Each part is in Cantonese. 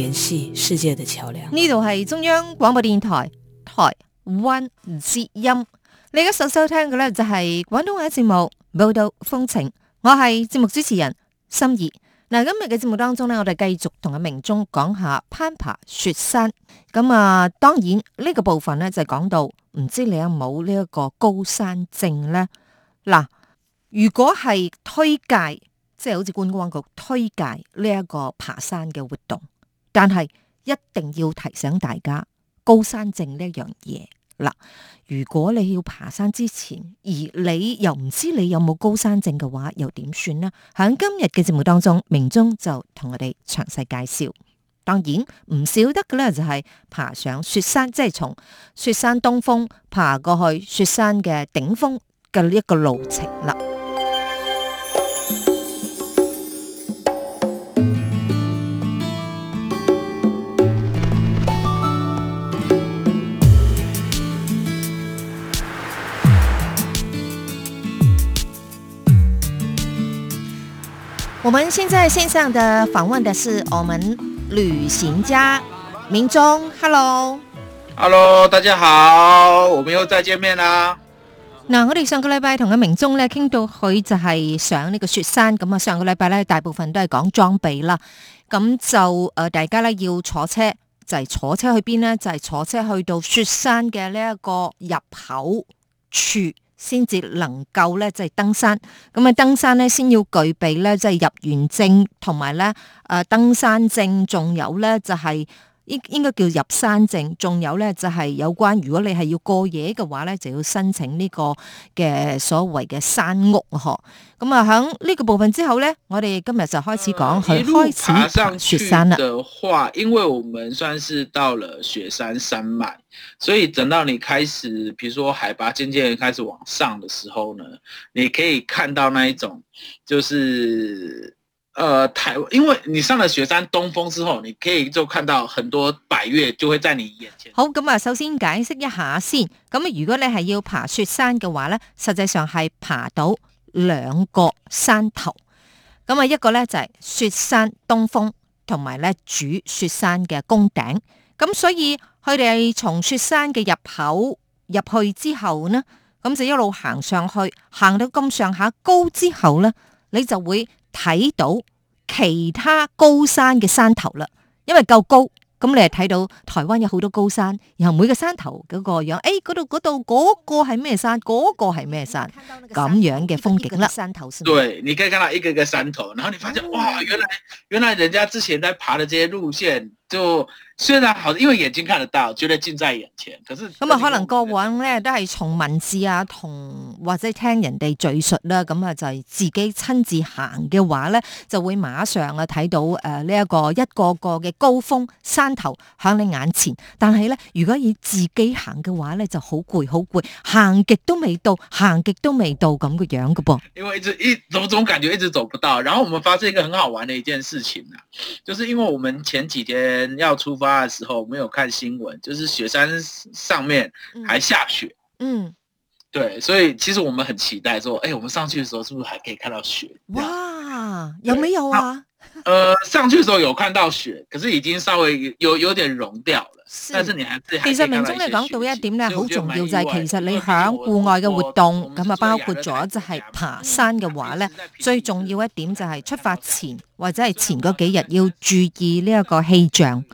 聯繫世界的橋樑，呢度係中央廣播電台台灣之音，你而家所收聽嘅咧就係廣東話嘅節目《報道風情》，我係節目主持人心儀嗱。今日嘅節目當中咧，我哋繼續同阿明忠講下攀爬雪山咁啊。當然呢個部分咧就講到唔知你有冇呢一個高山症咧嗱。如果係推介，即係好似觀光局推介呢一個爬山嘅活動。但係一定要提醒大家高山症呢樣嘢啦。如果你要爬山之前，而你又唔知你有冇高山症嘅話，又點算呢？喺今日嘅節目當中，明中就同我哋詳細介紹。當然唔少得嘅咧，就係爬上雪山，即係從雪山東峰爬過去雪山嘅頂峰嘅一個路程啦。我們現在線上的訪問的是我們旅行家明忠，Hello，Hello，大家好，我們又再見面啦。嗱，我哋上個禮拜同阿明忠呢傾到佢就係上呢個雪山咁啊，上個禮拜呢大部分都係講裝備啦，咁就誒大家呢要坐車就係坐車去邊呢？就係坐車去到雪山嘅呢一個入口處。先至能夠咧，即係登山。咁啊，登山咧，先要具備咧，即係入園證同埋咧，誒登山證，仲有咧，就係。應應該叫入山證，仲有咧就係有關，如果你係要過夜嘅話咧，就要申請呢個嘅所謂嘅山屋呵。咁啊，喺呢個部分之後咧，我哋今日就開始講、呃、去開始上雪山啦。因為我們算是到了雪山山脈、嗯，所以等到你開始，譬如說海拔漸漸開始往上的時候呢，你可以看到那一種就是。誒、呃，台，因為你上了雪山東峰之後，你可以就看到很多百岳就會在你眼前。好，咁啊，首先解釋一下先。咁如果你係要爬雪山嘅話呢，實際上係爬到兩個山頭。咁啊，一個呢就係雪山東峰，同埋咧主雪山嘅峰頂。咁所以佢哋從雪山嘅入口入去之後呢，咁就一路行上去，行到咁上下高之後呢，你就會睇到其他高山嘅山頭啦，因為夠高，咁你係睇到台灣有好多高山，然後每個山頭嗰個樣，誒、哎，嗰度嗰度嗰個係咩山，嗰個係咩山，咁樣嘅風景啦。一個一個山頭是不是，對，你可以睇到一個一個山頭，然後你發現，哇，原來原來人家之前在爬的這些路線就。雖然好，因為眼睛看得到，覺得近在眼前。可是，咁啊、嗯，可能過往咧都係從文字啊，同或者聽人哋敘述啦。咁啊，就係自己親自行嘅話咧，就會馬上啊睇到誒呢、呃這個、一個一個個嘅高峰山頭響你眼前。但係咧，如果以自己行嘅話咧，就好攰好攰，行極都未到，行極都未到咁嘅樣嘅噃。因為一直走，總感覺一直走不到。然後我們發生一個很好玩嘅一件事情啊，就是因為我們前幾天要出發，的時候沒有看新聞，就是雪山上面還下雪，嗯，嗯，對，所以其實我們很期待說，哎、欸，我們上去的時候是不是還可以看到雪？哇，有沒有啊？呃，上去的時候有看到雪，可是已經稍微有有點融掉了。但是你還，其實還其實明中你講到一點咧，好重要就係，其實你響戶外嘅活動咁啊，包括咗就係爬山嘅話咧，最重要一點就係出發前或者係前嗰幾日要注意呢一個氣象。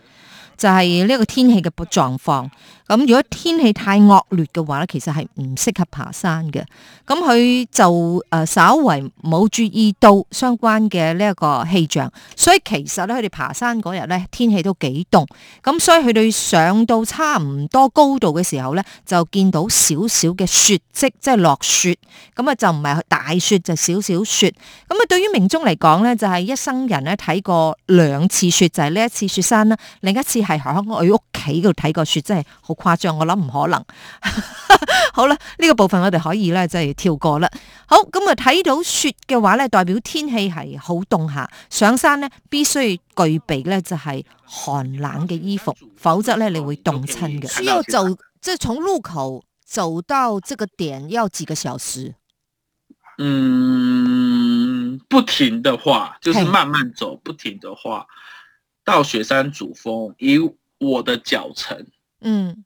就係呢個天氣嘅狀況。咁如果天氣太惡劣嘅話咧，其實係唔適合爬山嘅。咁佢就誒稍為冇注意到相關嘅呢一個氣象，所以其實咧佢哋爬山嗰日咧天氣都幾凍，咁所以佢哋上到差唔多高度嘅時候咧，就見到少少嘅雪跡，即係落雪。咁啊就唔係大雪，就少少雪。咁啊對於明中嚟講咧，就係一生人咧睇過兩次雪，就係呢一次雪山啦，另一次係響我屋企嗰度睇過雪，真係好。誇張，我諗唔可能。 好啦，呢個部分我哋可以咧，即係跳過啦。好，咁啊，睇到雪嘅話咧，代表天氣係好凍下。上山咧，必須具備咧就係寒冷嘅衣服，否則咧你會凍親嘅。需要走，即係從路口走到這個點要幾個小時？嗯，不停的話就是慢慢走，不停的話到雪山主峰以我的腳程，嗯。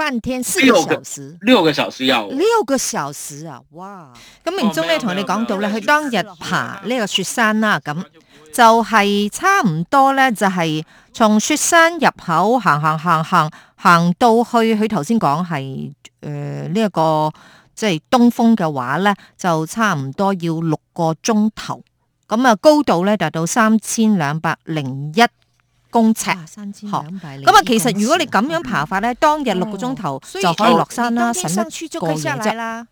半天四個小時，六個,六個小時要六個小時啊！哇！咁、哦、明中咧同你講到咧，佢、哦、當日爬呢個雪山啦，咁就係差唔多咧，就係、是就是、從雪山入口行行行行行到去佢頭先講係誒呢一個即係、就是、東峰嘅話咧，就差唔多要六個鐘頭，咁啊高度咧達到三千兩百零一。公尺，嗬！咁啊，其實如果你咁樣爬法咧、嗯，當日六個鐘頭就可以落山啦，哦、省咗個嘢啫。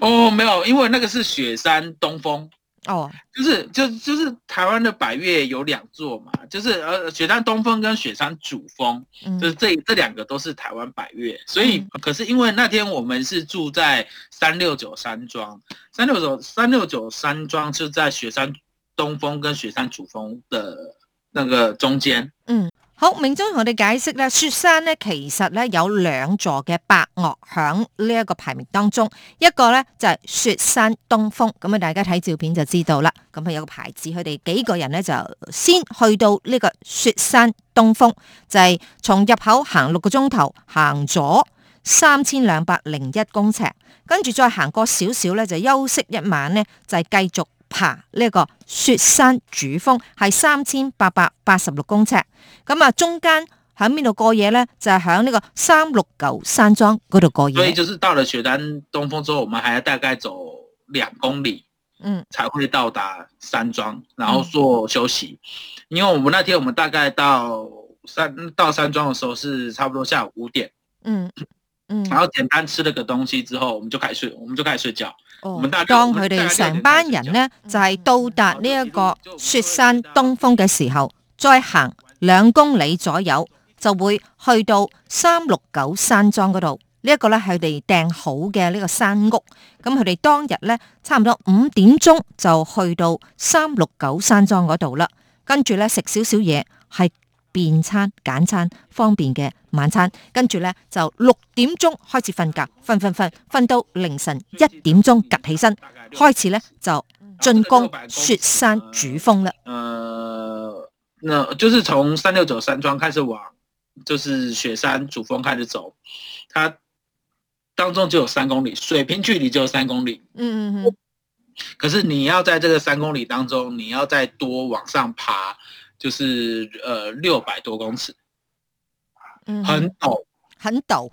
哦，沒有，因為那個是雪山東峰，哦，就是就就是、就是、台灣的百岳有兩座嘛，就是呃雪山東峰跟雪山主峰、嗯，就是這這兩個都是台灣百岳。所以，嗯、可是因為那天我們是住在三六九山莊，三六九三六九山莊就在雪山東峰跟雪山主峰的。那個中間，嗯，好，明中同我哋解釋咧，雪山咧其實咧有兩座嘅百岳響呢一個排名當中，一個咧就係雪山東峰，咁啊大家睇照片就知道啦。咁啊有個牌子，佢哋幾個人咧就先去到呢個雪山東峰，就係從入口行六個鐘頭，行咗三千兩百零一公尺，跟住再行過少少咧就休息一晚咧，就係繼續。爬呢個雪山主峰係三千八百八十六公尺，咁啊中間響邊度過夜咧？就係響呢個三六九山莊嗰度過夜。所以就是到了雪山東峰之後，我們還要大概走兩公里，嗯，才會到達山莊，嗯，然後做休息。因為我們那天我們大概到山到山莊的時候是差不多下午五點，嗯嗯，然後簡單吃了個東西之後，我們就開始睡，我們就開始睡覺。哦、當佢哋成班人呢，就係、是、到達呢一個雪山東峰嘅時候，再行兩公里左右，就會去到三六九山莊嗰度。這個、呢一個呢係佢哋訂好嘅呢個山屋。咁佢哋當日呢，差唔多五點鐘就去到三六九山莊嗰度啦。跟住呢，食少少嘢，係。便餐簡餐方便嘅晚餐，跟住呢，就六點鐘開始瞓覺，瞓瞓瞓瞓到凌晨一點鐘，隔起身開始呢，就進攻雪山主峰啦。誒，那就是從三六九山莊開始往，就是雪山主峰開始走，它當中就有三公里水平距離就有三公里。嗯嗯嗯。可是你要在這個三公里當中，你要再多往上爬。就是呃六百多公尺，嗯，很陡，很陡。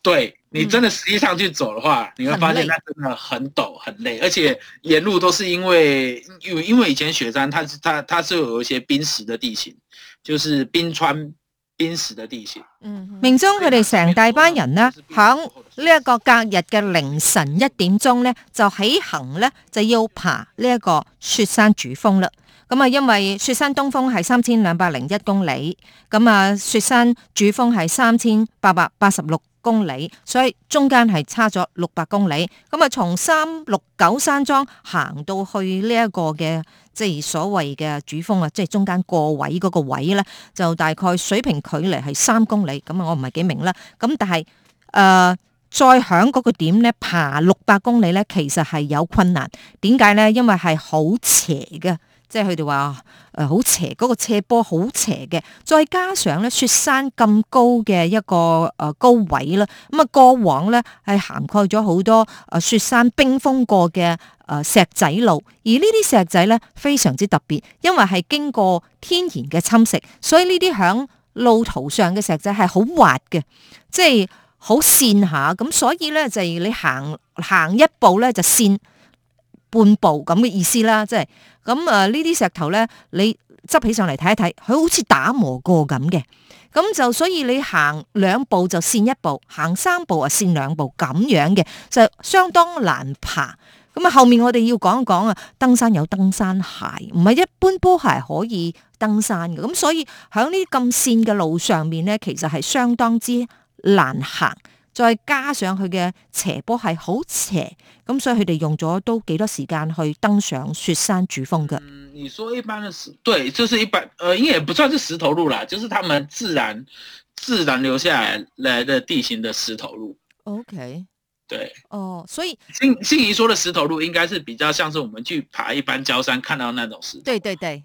對你真的實際上去走的話，嗯，你會發現它真的很陡，很累，而且沿路都是因為因為以前雪山它是它它是有,有一些冰石的地形，就是冰川冰蝕的地形。嗯，命中佢哋成大班人呢，響呢一個隔日嘅凌晨一點鐘咧就起行咧，就要爬呢一個雪山主峰啦。咁啊，因為雪山東峰係三千兩百零一公里，咁啊，雪山主峰係三千八百八十六公里，所以中間係差咗六百公里。咁啊，從三六九山莊行到去呢一個嘅即係所謂嘅主峰啊，即係中間過位嗰個位咧，就大概水平距離係三公里。咁啊，我唔係幾明啦。咁但係誒，再響嗰個點咧，爬六百公里咧，其實係有困難。點解咧？因為係好斜嘅。即係佢哋話誒，好斜嗰個斜坡好斜嘅，再加上咧雪山咁高嘅一個誒高位啦。咁啊，過往咧係涵蓋咗好多誒雪山冰封過嘅誒石仔路，而呢啲石仔咧非常之特別，因為係經過天然嘅侵蝕，所以呢啲響路途上嘅石仔係好滑嘅，即係好跣下咁，所以咧就係你行行一步咧就跣半步咁嘅意思啦，即係。咁啊！呢啲石頭咧，你執起上嚟睇一睇，佢好似打磨過咁嘅。咁就所以你行兩步就跣一步，行三步啊，跣兩步咁樣嘅，就相當難爬。咁啊，後面我哋要講一講啊，登山有登山鞋，唔係一般波鞋可以登山嘅。咁所以喺呢咁跣嘅路上面咧，其實係相當之難行。再加上佢嘅斜坡係好斜，咁所以佢哋用咗都幾多時間去登上雪山主峰嘅。嗯，你說一般的石，對，就是一般，呃，應該也不算是石頭路啦，就是他們自然自然留下來來的地形的石頭路。OK，對哦，所以，欣欣怡說的石頭路應該是比較像是我們去爬一般高山看到那種石頭，對對對。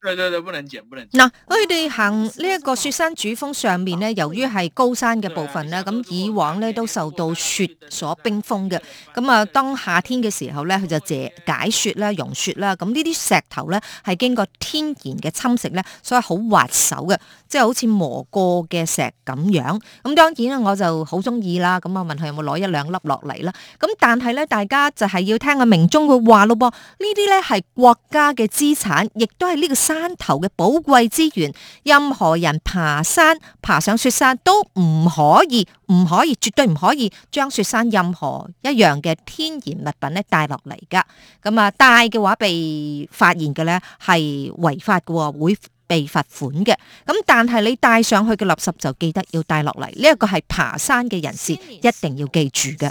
嗱對對對，佢哋行呢一個雪山主峰上面呢，由於係高山嘅部分呢，咁啊，以往呢都受到雪所冰封嘅，咁啊當夏天嘅時候呢，佢就解解雪啦、融雪啦，咁呢啲石頭呢，係經過天然嘅侵蝕呢，所以好滑手嘅，即係好似磨過嘅石咁樣。咁當然啦，我就好中意啦，咁我問佢有冇攞一兩粒落嚟啦。咁但係呢，大家就係要聽阿明中佢話咯噃，呢啲呢，係國家嘅資產，亦都係呢個。山頭嘅寶貴資源，任何人爬山爬上雪山都唔可以，唔可以，絕對唔可以將雪山任何一樣嘅天然物品咧帶落嚟噶。咁啊，帶嘅話被發現嘅咧係違法嘅，會被罰款嘅。咁但係你帶上去嘅垃圾就記得要帶落嚟，呢一個係爬山嘅人士一定要記住嘅。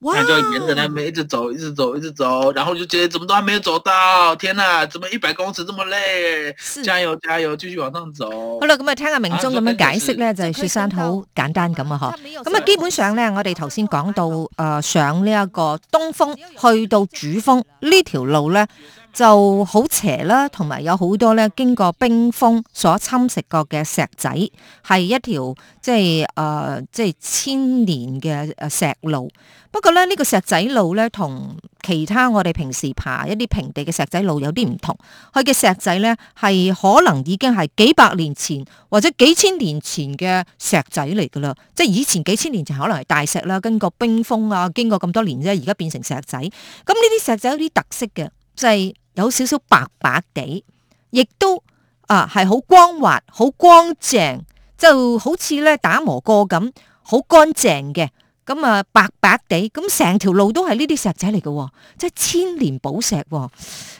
Wow! 就沿着他們一直走，一直走，一直走，然後就覺得怎麼都還沒有走到，天啊，怎麼一百公尺這麼累？加油，加油，繼續往上走。好啦，咁啊聽阿明忠咁樣解釋咧、啊，就係、是、雪山好簡單咁啊，嗬、嗯。咁啊基本上咧，我哋頭先講到誒、呃、上呢一個東峰去到主峰呢條路咧。就好斜啦，同埋有好多咧經過冰封所侵蝕過嘅石仔，係一條即係、呃、即係千年嘅石路。不過咧呢、呢個石仔路咧，同其他我哋平時爬一啲平地嘅石仔路有啲唔同。佢嘅石仔咧係可能已經係幾百年前或者幾千年前嘅石仔嚟㗎啦，即係以前幾千年前可能係大石啦，經過冰封啊，經過咁多年啫，而家變成石仔。咁呢啲石仔有啲特色嘅，即係。有少少白白地，亦都啊係好光滑、好光淨，就好似咧打磨過咁，好乾淨嘅。咁啊白白地，咁成條路都係呢啲石仔嚟嘅，即係千年寶石。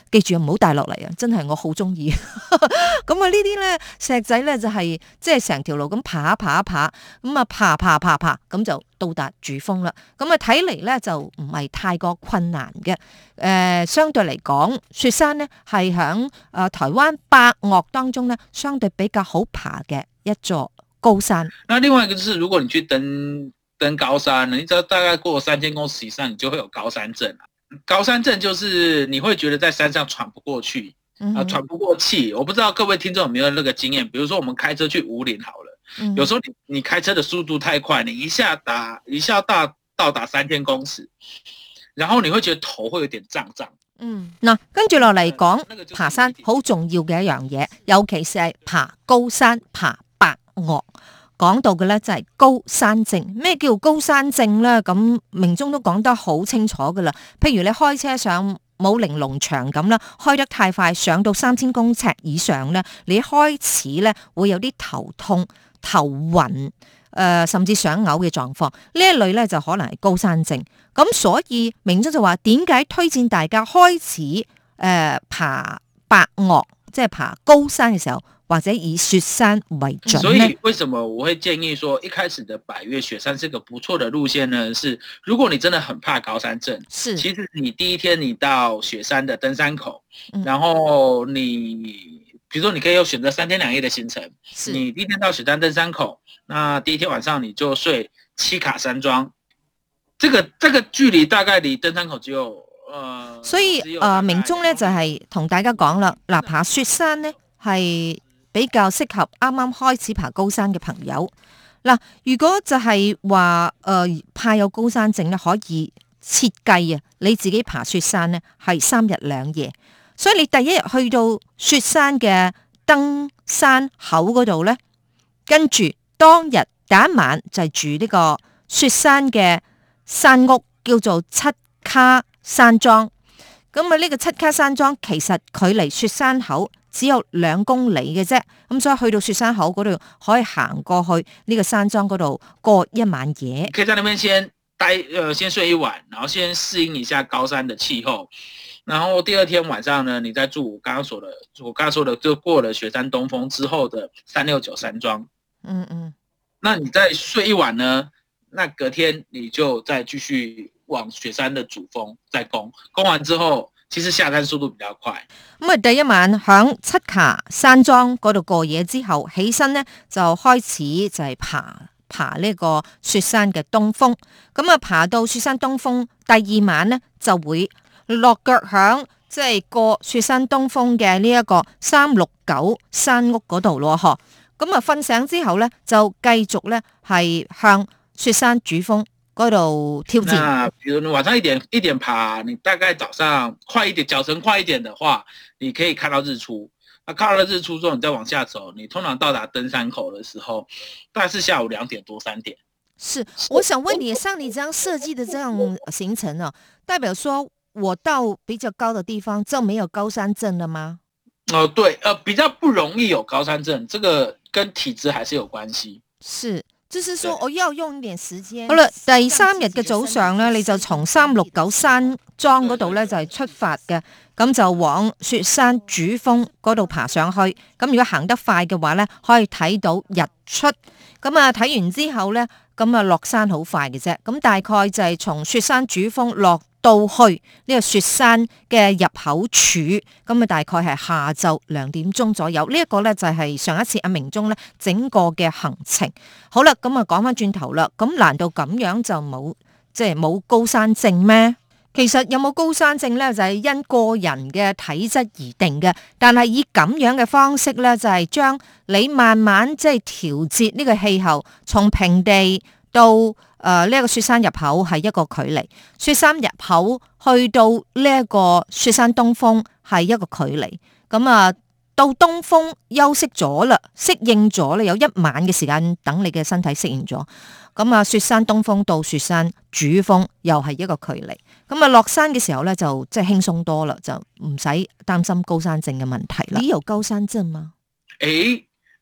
記住啊，唔好帶落嚟啊！真係我好中意。咁啊，呢啲咧石仔咧就係即係成條路咁爬一爬一爬，咁啊爬爬爬爬爬，咁就到達主峰啦。咁啊睇嚟咧就唔係太過困難嘅。誒、呃，相對嚟講，雪山咧係響誒台灣百岳當中咧相對比較好爬嘅一座高山。嗱，另外一個就係，如果你去登登高山，你知道大概過三千公尺以上，你就會有高山症，高山症就是你會覺得在山上喘不過去，啊、嗯、呃，喘不過氣。我不知道各位聽眾有沒有那個經驗。比如說我們開車去武陵好了、嗯，有時候你，你開車的速度太快，你一下打一下打到到達三千公尺，然後你會覺得頭會有點脹脹。嗯，那跟住落嚟講、那個、爬山好重要嘅一樣嘢，尤其是係爬高山，爬百岳。講到嘅咧就係高山症，咩叫高山症咧？咁明宗都講得好清楚噶啦。譬如你開車上武陵農場咁啦，開得太快，上到三千公尺以上咧，你開始咧會有啲頭痛、頭暈，誒、呃，甚至想嘔嘅狀況。呢一類咧就可能係高山症。咁所以明宗就話，點解推薦大家開始誒、呃、爬百岳？在爬高山的時候，或者以雪山為準。所以，為什麼我會建議說一開始的百岳雪山是個不錯的路線呢？是如果你真的很怕高山症，是其實你第一天你到雪山的登山口，嗯、然後你，比如說你可以有選擇三天兩夜的行程。是你第一天到雪山登山口，那第一天晚上你就睡七卡山莊。這個這個距離大概離登山口只有。所以誒、呃，明中咧就係、是、同大家講啦。嗱，爬雪山咧係比較適合啱啱開始爬高山嘅朋友。嗱，如果就係話誒怕有高山症咧，可以設計啊，你自己爬雪山咧係三日兩夜。所以你第一日去到雪山嘅登山口嗰度咧，跟住當日第一晚就住呢個雪山嘅山屋，叫做七卡。山莊，咁啊呢個七卡山莊其實距離雪山口只有兩公里嘅啫，咁所以去到雪山口嗰度可以行過去呢個山莊嗰度過一晚夜。可以在那邊先待，呃，先睡一晚，然後先適應一下高山的氣候，然後第二天晚上呢，你再住我剛剛說的，我剛剛說的就過了雪山東峰之後的三六九山莊。嗯嗯，那你再睡一晚呢？那隔天你就再繼續。往雪山嘅主峰再攻，攻完之後其實下山速度比較快。咁啊，第一晚響七卡山莊嗰度過夜之後，起身咧就開始就係爬爬呢個雪山嘅東峰。咁啊，爬到雪山東峰，第二晚咧就會落腳響即係過雪山東峰嘅呢一個三六九山屋嗰度咯，嗬。咁啊，瞓醒之後咧就繼續咧係向雪山主峰。高度挑戰。那比如你晚上一點一點爬，你大概早上快一點，腳程快一點的話，你可以看到日出。那、啊、看到了日出之後，你再往下走，你通常到達登山口的時候，大概是下午兩點多三點。是，我想問你，像你這樣設計的這樣行程呢、哦，代表說我到比較高的地方，就沒有高山症了嗎？哦、呃，對，呃，比較不容易有高山症，這個跟體質還是有關係。是。就是說，我要用一點時間。好啦，第三日嘅早上咧，你就從三六九山莊嗰度咧就係出發嘅，咁就往雪山主峰嗰度爬上去。咁如果行得快嘅話咧，可以睇到日出。咁啊，睇完之後咧，咁啊落山好快嘅啫。咁大概就係從雪山主峰落。到去呢、這個雪山嘅入口處，咁啊大概係下晝兩點鐘左右。呢、這、一個呢，就係上一次阿明忠呢整個嘅行程。好啦，咁啊講翻轉頭啦，咁難道咁樣就冇即係冇高山症咩？其實有冇高山症呢？就係、是、因個人嘅體質而定嘅，但係以咁樣嘅方式呢，就係、是、將你慢慢即係調節呢個氣候，從平地到。誒，呢一個雪山入口係一個距離，雪山入口去到呢一個雪山東峰係一個距離，咁啊到東峰休息咗啦，適應咗咧，有一晚嘅時間等你嘅身體適應咗，咁啊雪山東峰到雪山主峰又係一個距離，咁啊落山嘅時候咧就即係輕鬆多啦，就唔使擔心高山症嘅問題啦。你有高山症嗎？誒。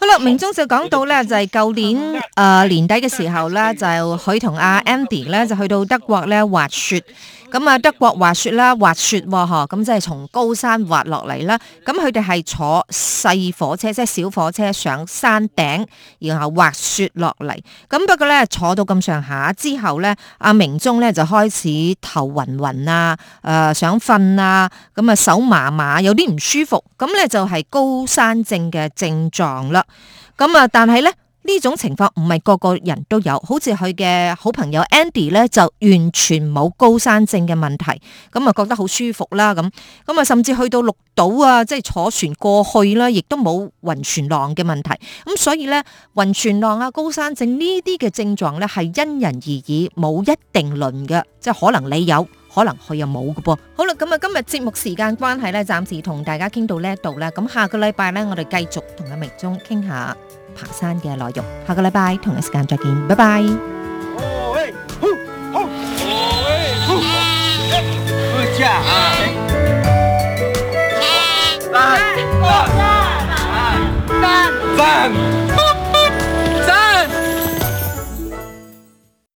好啦，明宗就講到咧，就係、是、舊年誒、呃、年底嘅時候咧，就佢同阿 Andy 咧就去到德國咧滑雪。咁、嗯、啊，德國滑雪啦，滑雪喎、哦，咁即係從高山滑落嚟啦。咁佢哋係坐細火車，即、就、係、是、小火車上山頂，然後滑雪落嚟。咁不過咧，坐到咁上下之後咧，阿明宗咧就開始頭暈暈啊，誒、呃、想瞓啊，咁、嗯、啊手麻麻，有啲唔舒服。咁咧就係高山症嘅症狀啦。咁、嗯、啊，但係咧呢種情況唔係個個人都有，好似佢嘅好朋友 Andy 咧就完全冇高山症嘅問題，咁、嗯、啊覺得好舒服啦，咁咁啊甚至去到綠島啊，即係坐船過去啦，亦都冇暈船浪嘅問題，咁、嗯、所以咧暈船浪啊、高山症，這些症狀呢啲嘅症狀咧係因人而異，冇一定論嘅，即係可能你有。可能佢又冇嘅噃，好啦，咁啊今日節目時間關係咧，暫時同大家傾到呢一度啦，咁下個禮拜咧，我哋繼續同阿明忠傾下爬山嘅內容，下個禮拜同一時間再見，拜拜。